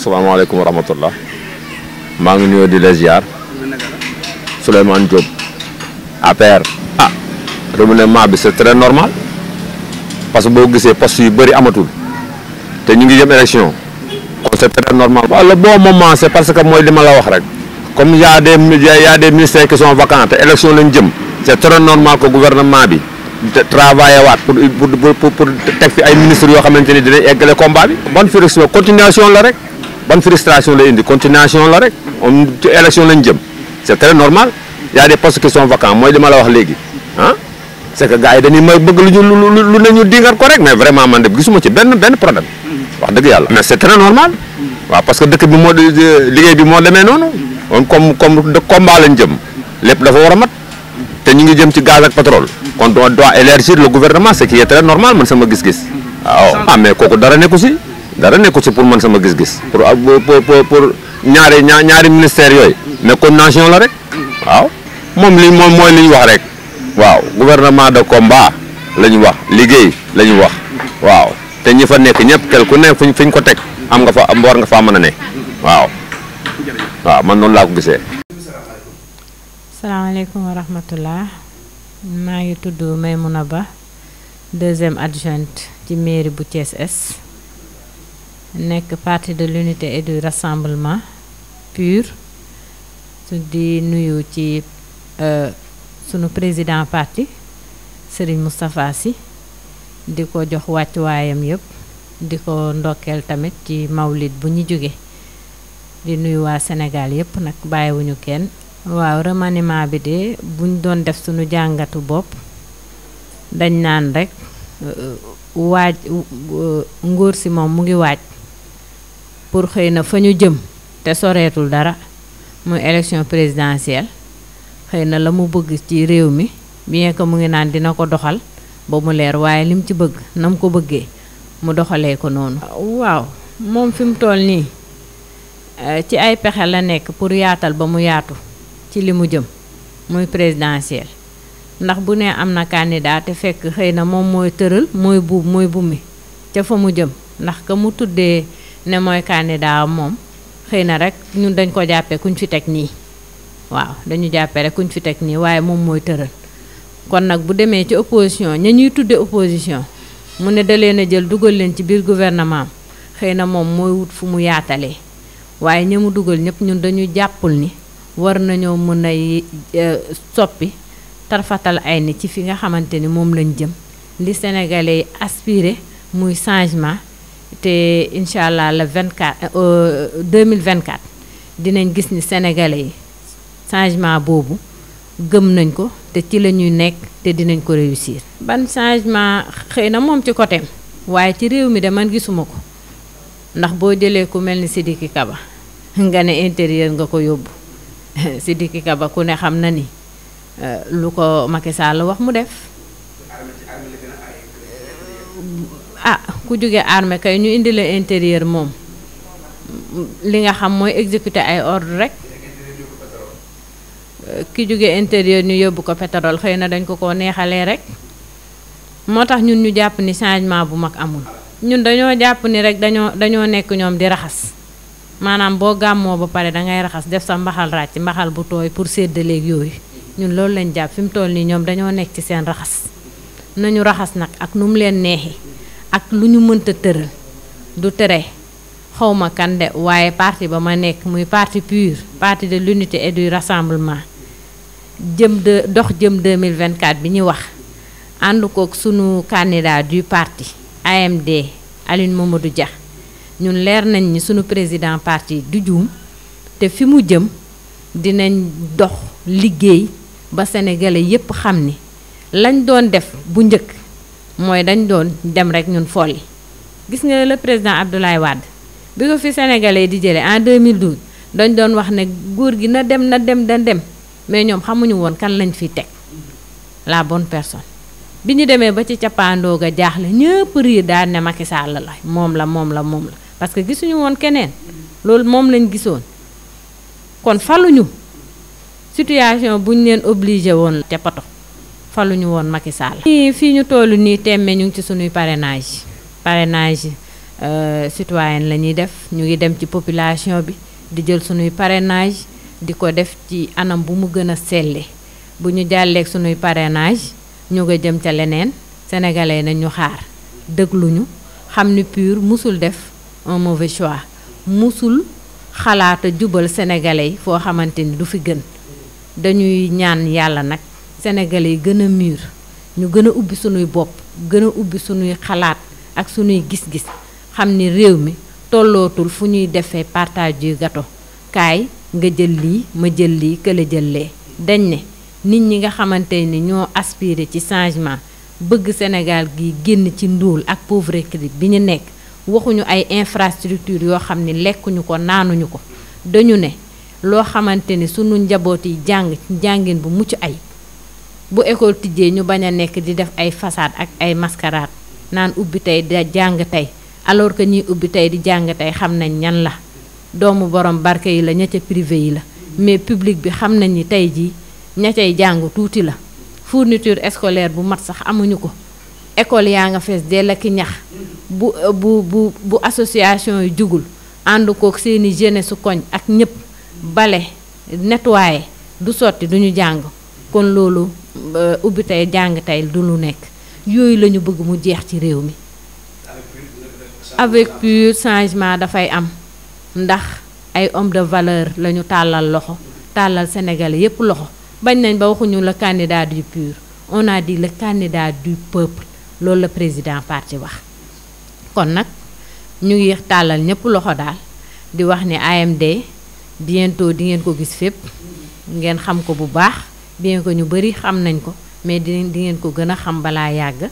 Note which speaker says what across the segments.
Speaker 1: salaamaaleykum wa rahmatullah maa ngi nuyoo di la ziar Souleymane Diop APR. ah ma bi c'est très normal parce que boo gisee poste yu bëri amatul te ñu ngi jëm élection kon c'est très normal waaw le que mooy li ma la wax rek comme y a des y a des ministères qui sont vacants te élection jëm c'est très normal que gouvernement bi travaillé waat pour pour pour pour teg fi ay ministres yoo xamante ni dinañ eggale combat bi. bonne fure continuation la rek. ban frustration lay indi continuation la rek on ci élection lañ jëm c' est très normal y a des postes qui mooy li ma la wax léegi ah c' est que gars yi may bëgg lu ñu lu lu dingat ko rek mais vraiment man de gisuma ci benn benn problème wax dëgg yàlla mais c' est très normal waaw parce que dëkk bi moo liggéey bi moo demee noonu on comme comme de combat lañ jëm lépp dafa war a mat te ñu ngi jëm ci gaz ak pétrole kon on doit élargir le gouvernement ce qui est très normal sama gis-gis waaw ah, kooku dara nekku si dara nekkul ci pour man sama gis-gis pour pour pour ñaari ñaari ministères yooyu mais coordination la rek waaw moom li moom mooy li ñu wax rek waaw gouvernement de combat la ñu wax liggéey la ñu wax waaw te ñi fa nekk ñëpp kel ku ne fuñ fi ñu ko teg am nga fa am war nga faa mën a ne waaw
Speaker 2: waaw man noonu laa ko gisee. salaamaaleykum wa rahmatullah maa ngi tudd a Ba deuxième adjointe ci mairie bu Thiès Est nekk parti de l'unité et du rassemblement pur di nuyu ci euh, sunu président parti Serigne Moustapha si di ko jox wàccuwaayam yëpp di ko ndokkeel tamit ci mawlid bu ñu jóge di nuyu waa Sénégal yëpp nag bàyyiwuñu kenn waaw remaniement bi de buñ doon def suñu jàngatu bopp dañ naan rekk euh, waaj euh, ngóor si moom mu ngi waaj pour xëy na fa ñu jëm te soreetul dara muy élection présidentielle xëy na la mu bëgg ci réew mi bien que mu ngi naan dina ko doxal ba mu leer waaye lim ci bëgg nam ko bëggee mu doxalee ko noonu. waaw moom fi mu toll nii eh, ci ay pexe la nekk pour yaatal ba mu yaatu ci li mu jëm muy présidentielle ndax bu nee am na candidat te fekk xëy na moom mooy tëral mooy buub mooy bumi ca fa mu jëm ndax ka mu tuddee. ne mooy candidat moom xëy na rek ñun dañ ko jàppee kuñ fi teg nii waaw dañu jàppee rek kuñ fi teg nii waaye moom mooy tëral kon nag bu demee ci opposition ña ñuy tudde opposition mu ne da leen a jël dugal leen ci biir gouvernement xëy na moom mooy wut fu mu yaatale waaye ña mu dugal ñëpp ñun dañu jàppul ni war nañoo mën a e, soppi tarfatal ay ni ci fi nga xamante ni moom lañ jëm li Sénégalais yi muy changement te incha allah le 24 2024 euh, euh, dinañ gis ni sénégalais yi changement boobu gëm nañ ko te ci la ñuy nekk te dinañ ko réussir. ban changement xëy na moom ci côté waaye ci réew mi de man gisuma ko ndax boo jëlee ku mel ni Sidiki Kaba nga ne intérieur nga ko yóbbu Sidiki Kaba ku ne xam na ni euh, lu ko Macky Sall wax mu def. a ah, ku jóge armée kay ñu indile la intérieur moom li nga xam mooy exécuter ay ordre rek ki jóge intérieur ñu yóbbu ko pétrole xëy na dañ ko ko neexalee rek moo tax ñun ñu jàpp ni changement bu mag amul ñun dañoo jàpp ni rek dañoo dañoo nekk ñoom di raxas maanaam boo gàmmoo ba pare dangay raxas def sa mbaxal ràcc mbaxal bu tooy pour séddaleeg yooyu ñun loolu lañ jàpp fi mu toll nii ñoom dañoo nekk ci seen raxas nañu raxas nag ak nu mu leen neexee ak lu ñu mënta tëral du tere xawma kan waaye parti ba ma nekk muy parti PUR parti de l'unité et du rassemblement jëm dox jëm 2024 bi ñu wax ànd kook sunu candidat du parti AMD Aline du Dia ñun leer nañ ni sunu président parti du juum te fi mu jëm dinañ dox liggéey ba sénégalais yépp xam ni lañ doon def bu njëkk mooy dañu doon dem rek ñun folli gis nga le président Abdoulaye Wade bi ko fi sénégalais di jëlee en 2012 dañ doon wax ne góor gi na dem na dem na dem mais ñoom xamuñu woon kan lañ fi teg la bonne personne bi ñu demee ba ci cappaandoo ga jaaxle ñëpp riir daal ne Sall la moom la moom la moom la parce que gisuñu woon keneen loolu moom lañ gisoon kon faluñu situation buñ leen obligé woon la ca poto ñu woon Macky Sall. fii fii ñu toll nii temme ñu ngi ci sunuy parrainage parrainage euh, citoyen la ñuy def ñu ngi dem ci population bi di jël sunuy parenage di ko def ci anam bu mu gën a selle bu ñu jàlleeg sunuy parenage ñu nga jëm ca leneen sénégalais nañ ñu xaar ñu xam ni PUR musul def un mauvais choix musul xalaata jubal sénégalais yi foo xamante ni du fi gën dañuy ñaan yàlla nag sénégalais yi gën a mûr ñu gën a ubbi sunuy bopp gën a ubbi sunuy xalaat ak sunuy gis-gis xam ni réew mi tollootul fu ñuy defee partage du gato kaay nga jël lii ma jël lii kële jël lee dañ ne nit ñi nga xamante ni ñoo aspiré ci changement bëgg Sénégal gi génn ci ndóol ak pauvreté bi ñu nekk waxuñu ay infrastructure yoo xam ni lekkuñu ko naanuñu ko dañu ne loo xamante ni sunu njaboot yi jàng njàngin bu mucc ay bu école tijjee ñu bañ a nekk di def ay façade ak ay mascarade naan ubbi tey da jàng tey alors que ñiy ubbi tey di jàng tey xam nañ ñan la doomu borom barke yi la ña ca privé yi la mais public bi xam nañ ni tey jii ña cay jàng tuuti la fourniture scolaire bu mat sax amuñu ko école yaa nga fees dell ak ñax bu bu bu bu association yi jugul ànd kook seeni jeunesse su koñ ak ñëpp bale nettoyer du sotti duñu jàng kon loolu euh, ubbi tey jàng tey du lu nekk yooyu lañu bëgg mu jeex ci réew mi avec pur changement dafay am ndax ay homme de valeur lañu tàllal loxo tàllal sénégalais yépp loxo bañ nañ ba waxuñu le candidat du pur on a dit du peuple loolu la président parti wax kon nag ñu ngi tàllal ñëpp loxo daal di wax ni AMD bientôt di ngeen ko gis fépp ngeen xam ko bu baax bien que ñu bari xam nañ ko
Speaker 3: mais di di ngeen ko gën a xam balaa yàgg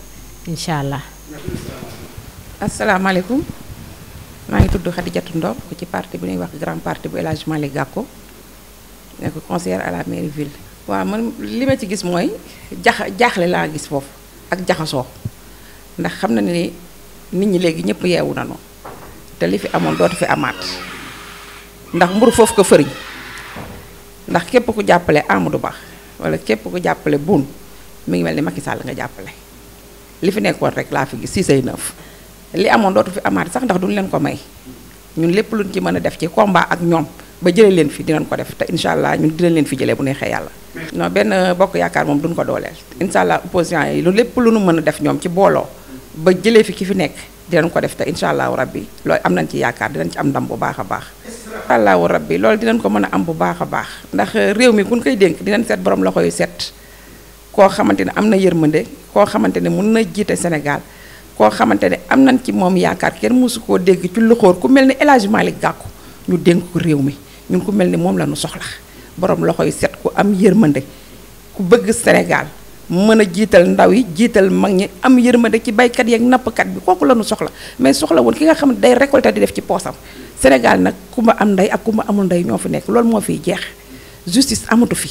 Speaker 3: incha allah. asalaamaaleykum maa ngi tudd Khadijatou Ndom ci parti bu ñuy wax grand parti bu El Hadj Malick Gakou nekk conseillère à la mairie ville. waa man li ma ci gis mooy jax jaaxle laa gis foofu ak jaxasoo ndax xam na ni nit ñi léegi ñëpp yeewu na nañu te li fi amoon dootu fi amaat ndax mburu foofu ko fëriñ ndax képp ku jàppale du baax wala képp ku jàppale buun mu ngi mel ni Macky Sall nga jàppale li fi nekkoon rek laa fi gis six ay neuf li amoon dootu fi amaat sax ndax duñu leen ko may ñun lépp lu luñ ci mën a def ci combat ak ñoom ba jëlee leen fi dinañ ko def te incha allah ñun dinañ leen fi jëlee bu neexee yàlla. non benn bokk yaakaar moom duñ ko dooleel. incha allah opposition yi lu lépp lu nu mën a def ñoom ci booloo ba jëlee fi ki fi nekk dinañ ko def te incha rab yi loolu am nañ ci yaakaar dinañ ci am ndam bu baax a baax. allahu rabbi loolu dinañ ko mën a am bu baax a baax ndax réew mi kuñ koy dénk dinañ seet borom loxo koy set koo xamante ne am na yërmande koo xamante ne mun na jiite Sénégal koo xamante ne am nañ ci moom yaakaar kenn mosu koo dégg ci loxoor ku mel ni El Hadj Malick Gakou ñu dénk ko réew mi ñun ku mel ni moom la ñu soxla borom loxo yu set ku am yërmande ku bëgg Sénégal. mën a jiital ndaw yi jiital mag ñi am yërmande ci baykat yeeg nappkat bi kooku la ñu soxla mais soxla woon ki nga xam ne day récolter di def ci poosam Sénégal nag ku ma am ndey ak ku ma amul ndey ñoo fi nekk loolu moo fiy jeex justice amatu fi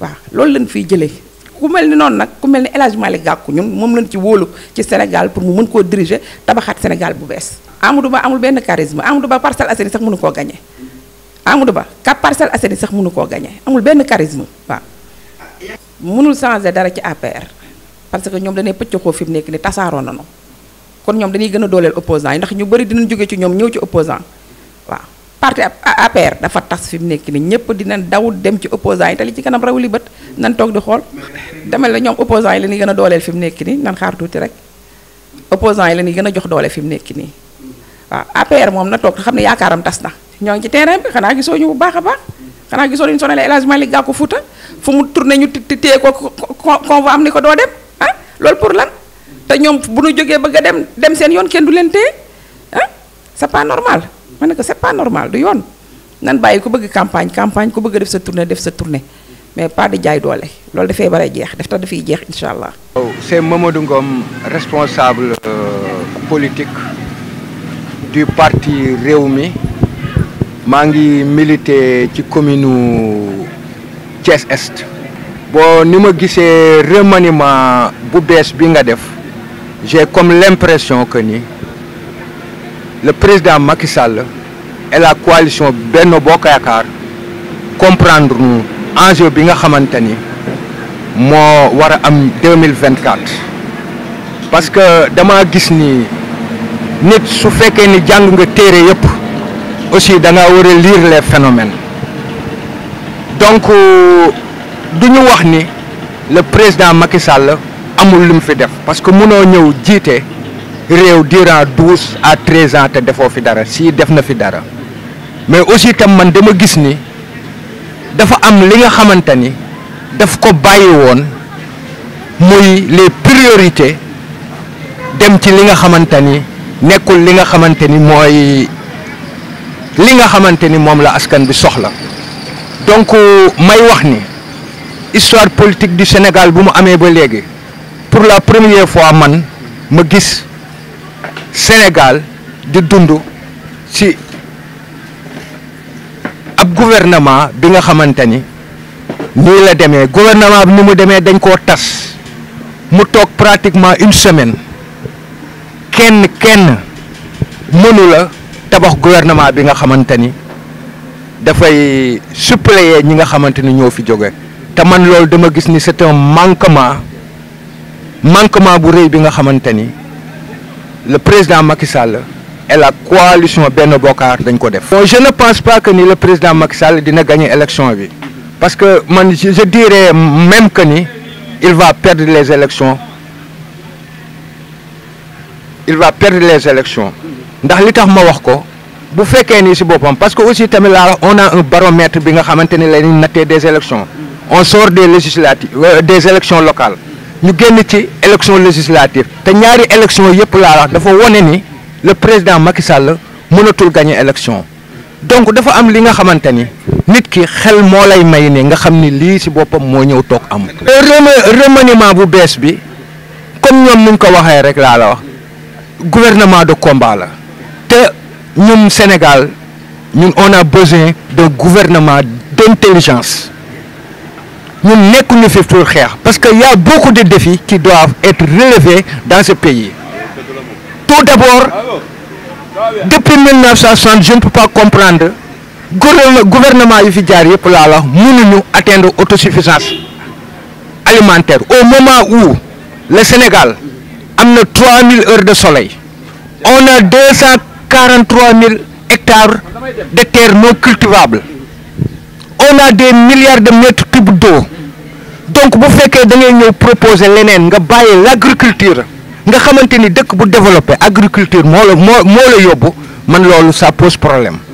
Speaker 3: waaw loolu lañ fiy jëlee ku mel ni noonu nag ku mel ni El Hadj gàkku Gakou ñun moom lañ ci wóolu ci Sénégal pour mu mën koo diriger tabaxaat Sénégal bu bees Amadou Ba amul benn charisme Amadou Ba Parcelles Assainies sax mënu koo gagné Amadou Ba ka Parcelles Assainies sax mënu koo gagné amul benn charisme waaw mënul changer dara ci APR parce que ñoom dañuy pëcc xoo fi mu nekk ni tasaaroo nañu kon ñoom dañuy gën a dooleel opposant yi ndax ñu bëri dinañ jóge ci ñoom ñëw ci opposant waaw parti APR dafa tas fi mu nekk nii ñëpp dinañ daw dem ci opposan yi te li ci kanam rawu li bët nan toog di xool demel na ñoom opposan yi la ñuy gën a dooleel fi mu nekk nii nan xaar tuuti rek opposant yi la ñuy gën a jox doole fi mu nekk nii waaw APR moom na toog xam ne yaakaaram tas na ñoo ngi ci bu baax baax xanaa gisoo ñu sonale El Hadj Malick Gakou Fouta fu mu tourné ñu téye ko convoi am ni ko doo dem ah loolu pour lan te ñoom bu ñu jógee bëgg a dem dem seen yoon kenn du leen téye ah c'est pas normal ma ne ko c'est pas normal du yoon nan bàyyi ku bëgg campagne campagne ku bëgg a def sa tournée def sa tournée mais pas di jaay doole loolu dafay bare jeex daf tax dafay jeex incha allah.
Speaker 4: waaw c'est Mamadou Ngom responsable euh, politique du parti Rewmi. maa ngi milité ci commune Thiès Est. bon ni ma gisee remaniement bu bees bi nga def j'ai comme l'impression que ni le président Macky Sall et la coalition benn Bokk Yaakaar comprendre nu enjeu bi nga xamante ni moo war a am deux mille vingt quatre parce que dama gis ni nit su fekkee ni jàng nga téere yëpp. aussi da ngaa war a lire les phénomènes donc du ñu wax ni le président Macky Sall amul lu mu fi def parce que mënoo ñëw jiite réew durant douze à treize ans te defoo fi dara sii def na fi dara mais aussi tam man dama gis ni dafa am li nga xamante ni daf ko bàyyi woon muy les priorités dem ci li nga xamante ni nekkul li nga xamante ni mooy. li nga xamante ni moom la askan bi soxla donc may wax ni histoire politique du Sénégal bu mu amee ba léegi pour la première fois man ma gis Sénégal di dund ci ab gouvernement bi nga xamante ni nii la demee gouvernement bi ni mu demee dañ koo tas mu toog pratiquement une semaine kenn kenn mënu la tabax gouvernement bi nga xamante ni dafay suppléer ñi nga xamante ni ñoo fi jóge te man loolu dama gis ni c'est un manquement manquement bu rëy bi nga xamante ni le président Macky Sall et la coalition benn Bokk dañ ko def. bon je ne pense pas que ni le président Macky dina gagner élection bi parce que man je, je dirais même que ni il va perdre les élections il va perdre les élections. ndax li tax ma wax ko bu fekkee ni si boppam parce que aussi tamit laa on a un bi nga xamante ni la ñuy nattee des élections on sort des législatives euh, des élections locales ñu génn ci élection législative te ñaari élection yëpp laa wax dafa wone ni le président Macky Sall mënatul gagner élection donc dafa am li nga xamante ni nit ki xel moo lay may nii nga xam ni lii si boppam moo ñëw toog am. remaniement bu bees bi comme ñoom nuñ ko waxee rek laa la wax gouvernement de combat la. ñun Sénégal ñun on a besoin d'un gouvernement d'intelligence ñun nekkuñu nu pour xeex parce que y a beaucoup de défis qui doivent être relevés dans ce pays tout d'abord depuis 1960 je ne peux pas comprendre gouvernement yi fi jaar yëpp laa la mënuñu atteindre autosuffisance alimentaire au moment ou le Sénégal am na 3000 heures de soleil on a 43 000 hectares de terres non cultivables on a des milliards de mètres cubes d'eau donc bu fekkee da ngay ñëw proposer leneen nga bàyyi l'agriculture nga xamante ni dëkk bu développé agriculture moo la moo moo la yóbbu man loolu sa pose problème